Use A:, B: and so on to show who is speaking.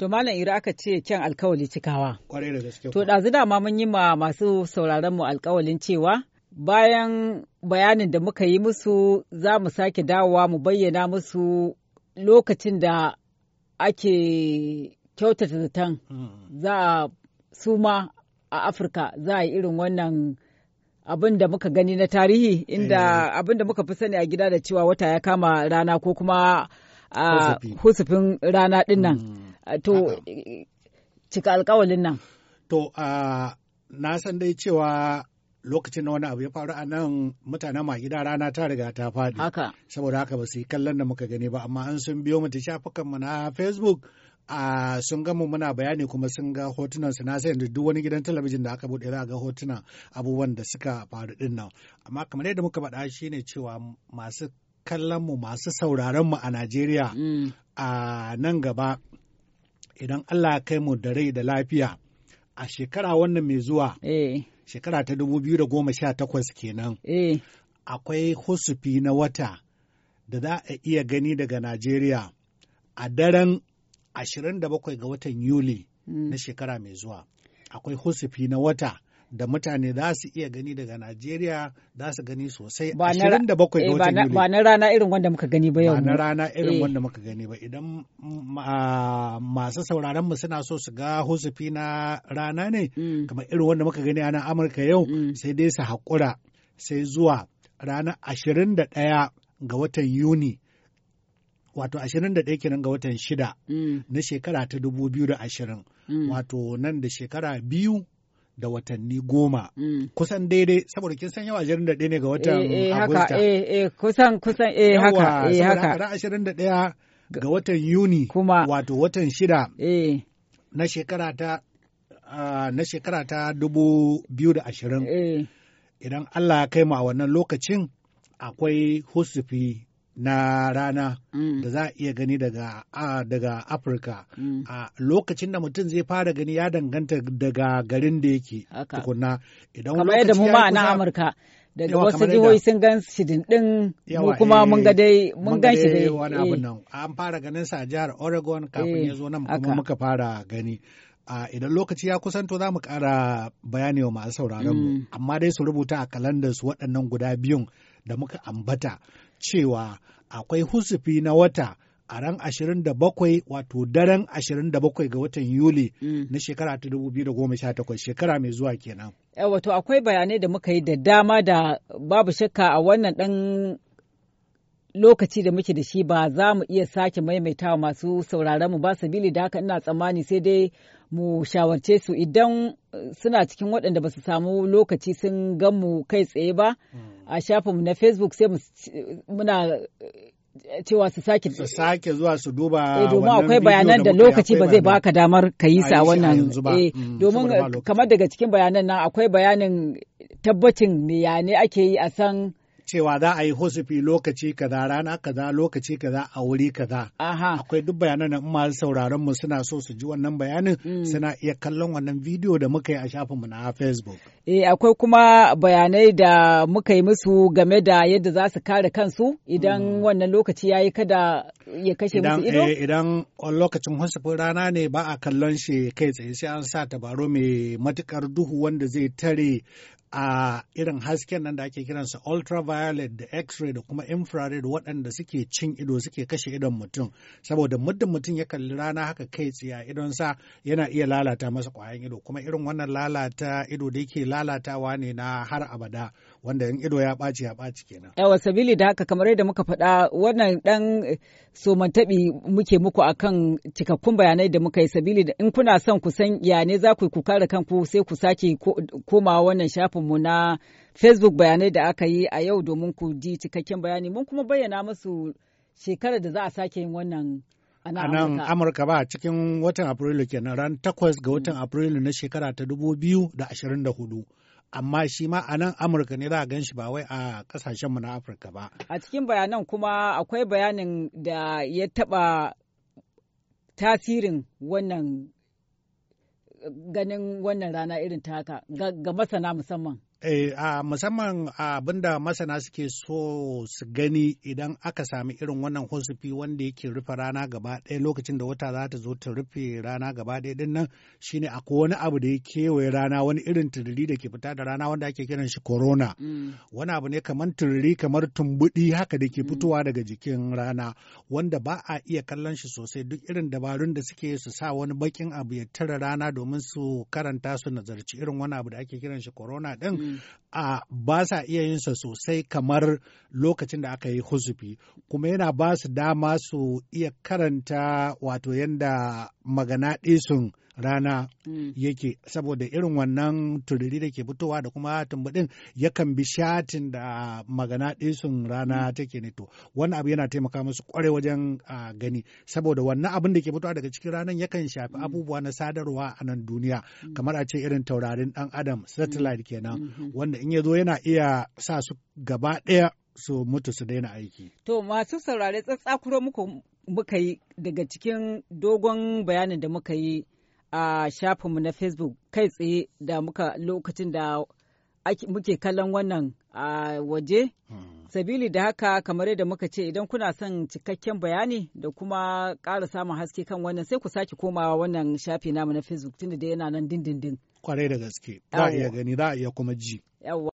A: To Malam Ira aka ce kyan alkawali cikawa.
B: Kwarai da gaske. To
A: ɗazu ma mun yi ma masu sauraron mu alkawalin cewa bayan bayanin da muka yi musu za mu sake dawowa mu bayyana musu lokacin da ake kyautata zaton hmm. za a suma a Afirka za a yi irin wannan abin da muka gani na tarihi inda eh. abin da muka fi sani a gida da cewa wata ya kama rana ko kuma a ah, husufin rana dinnan. Hmm. to
B: cika alkawalin nan. To na san dai cewa lokacin da wani abu ya faru a nan mutanen ma gida rana ta riga ta faɗi. Haka. Saboda haka ba su yi kallon da muka gani ba amma an sun biyo mu ta mu na Facebook. a sun gamu muna bayani kuma sun ga hotunan su na sai yanzu duk wani gidan talabijin da aka bude za a ga hotunan abubuwan da suka faru din nan amma kamar yadda muka faɗa ne cewa masu kallon masu sauraron mu a Najeriya mm. a nan gaba idan Allah ya kai mu da rai da lafiya a shekara wannan mai zuwa eh. shekara ta da goma sha 2018 kenan eh. akwai husufi na wata da za a iya gani daga Najeriya a daren ashirin da 27 ga watan Yuli hmm. na shekara mai zuwa akwai husufi na wata da mutane za su iya gani daga Najeriya za su gani sosai. Ba na
A: rana irin wanda muka gani ba yau. Ba na rana irin eh. wanda muka
B: gani ba idan masu sauraron mu suna so su ga husufi na rana ne mm. kamar irin wanda muka gani a nan Amurka yau mm. sai dai su haƙura sai zuwa ranar ashirin da ɗaya ga watan Yuni. wato ashirin da ɗaya kenan ga watan shida mm. na shekara ta dubu biyu da ashirin. wato nan da shekara biyu da watanni goma. Mm. Kusan daidai saboda kin san yawa ajiyar da ɗaya ne ga watan eh, eh, Agusta.
A: Eh eh kusan kusan eh haka eh haka. Yawa
B: ashirin da ɗaya ga watan Yuni. Kuma. Wato watan shida. Eh. Na shekara ta na shekara ta dubu biyu da ashirin. Eh. Idan Allah ya kai mu a wannan lokacin akwai husufi na rana mm. da za a iya gani daga daga Afirka mm. a lokacin da mutum zai fara gani ya danganta daga garin da yake tukunna idan kamar yadda mu ma na Amurka daga wasu jihohi sun gan shi dindin mu kuma mun ga eh, dai mun gan shi dai wani abu eh. nan an fara ganin sa a jihar Oregon kafin eh, ya zo nan kuma muka fara gani a idan lokaci ya kusanto za mu kara bayani wa masu sauraron mu mm. amma dai su rubuta a kalandar su waɗannan guda biyun da muka ambata cewa akwai husufi na wata a ran 27 wato daren 27 ga watan Yuli mm. na shekara ta 2018 shekara mai zuwa kenan.
A: Eh, wato akwai bayanai da muka yi da dama da babu shakka a wannan ɗan lokaci da muke da shi ba za mu iya sake maimaitawa masu sauraron mu ba sabili da haka ina tsammani sai dai mu shawarce su idan eh, suna cikin waɗanda ba su samu lokaci sun gan mu kai tsaye ba hmm. a shafinmu na facebook sai muna eh, cewa su sake zuwa su duba eh, domin akwai bayanan da lokaci ba zai baka damar ka yi sa wannan hmm, domin kamar daga cikin bayanan nan akwai bayanin
B: tabbacin me yane ne ake yi a san cewa za a yi hosifi lokaci kaza rana kaza lokaci kaza a wuri kaza. Akwai duk bayanan nan masu sauraron mu suna so su ji wannan bayanin mm. suna iya kallon wannan bidiyo da muka yi a shafinmu na Facebook. Eh akwai
A: kuma bayanai da muka yi musu game da yadda za su kare kansu idan mm. wannan lokaci ya yi kada ya kashe musu ido? Eh,
B: idan lokacin hosifin rana ne ba a kallon shi kai tsaye sai an sa tabaro mai matukar duhu wanda zai tare a irin hasken nan da ake kiransa ultraviolet da x-ray da kuma infrared waɗanda suke cin ido suke kashe idon mutum saboda muddin mutum ya kalli rana haka kai tsiya idonsa yana iya lalata masa ƙwayan ido kuma irin wannan lalata ido da yake lalatawa ne na har abada wanda yan ido ya ɓaci ya ɓaci kenan.
A: Yawa sabili da haka kamar yadda muka faɗa wannan ɗan eh, somantaɓi muke muku akan cikakkun bayanai da muka yi sabili da in kuna son ku san ya ne za ku ku kare kanku sai ku sake komawa wannan shafinmu na Facebook bayanai da aka yi a yau domin ku ji cikakken bayani mun kuma bayyana musu shekarar da za a sake yin wannan a nan amurka
B: ba cikin watan afrilu kenan ran takwas ga watan mm. afrilu na shekara ta dubu biyu da ashirin da hudu amma shi ma a nan amurka ne za a gan shi ba wai a kasashenmu na afirka ba
A: a cikin bayanan kuma akwai bayanin da ya taba tasirin wannan ganin wannan rana irin ta haka ga masana musamman
B: Eh, a musamman abin da masana suke so su gani idan aka sami irin wannan husufi wanda yake rufe rana gaba ɗaya lokacin da wata za ta zo ta rufe rana gaba ɗaya din nan shine akwai wani abu da ya kewaye rana wani irin tururi da ke fita da rana wanda ake kiran shi corona mm. wani abu ne kamar tururi kamar tumbuɗi haka da ke mm. fitowa daga jikin rana wanda ba a iya kallon shi sosai duk irin dabarun da suke su sa wani bakin abu ya tare rana domin su karanta su nazarci irin wani abu da ake kiran shi corona din mm. a ba sa iya yin sa sosai kamar lokacin da aka yi huzufi kuma yana ba su dama su iya karanta wato yadda magana sun rana mm. yake saboda irin wannan turiri da ke fitowa da kuma ya yakan bi shatin da magana ɗinsun rana mm. take ne to wannan abu yana taimaka musu kware wajen gani saboda wannan abin da ke fitowa daga cikin ranar yakan shafi mm. abubuwa na sadarwa a nan duniya kamar a ce irin taurarin dan adam satellite kenan mm-hmm. wanda in ya zo yana iya sa su gaba ɗaya su mutu su daina aiki.
A: To masu saurare tsatsakuro muku muka yi daga cikin dogon bayanin da muka yi a shafinmu na facebook kai tsaye da muka lokacin da muke kallon wannan a waje hmm. sabili da haka kamar yadda muka ce idan kuna son cikakken bayani da kuma ƙara samun haske kan wannan sai ku sake komawa wannan shafi namu na facebook tunda da yana nan dindindin
B: kwarai da gaske za a iya gani za a iya kuma
A: ji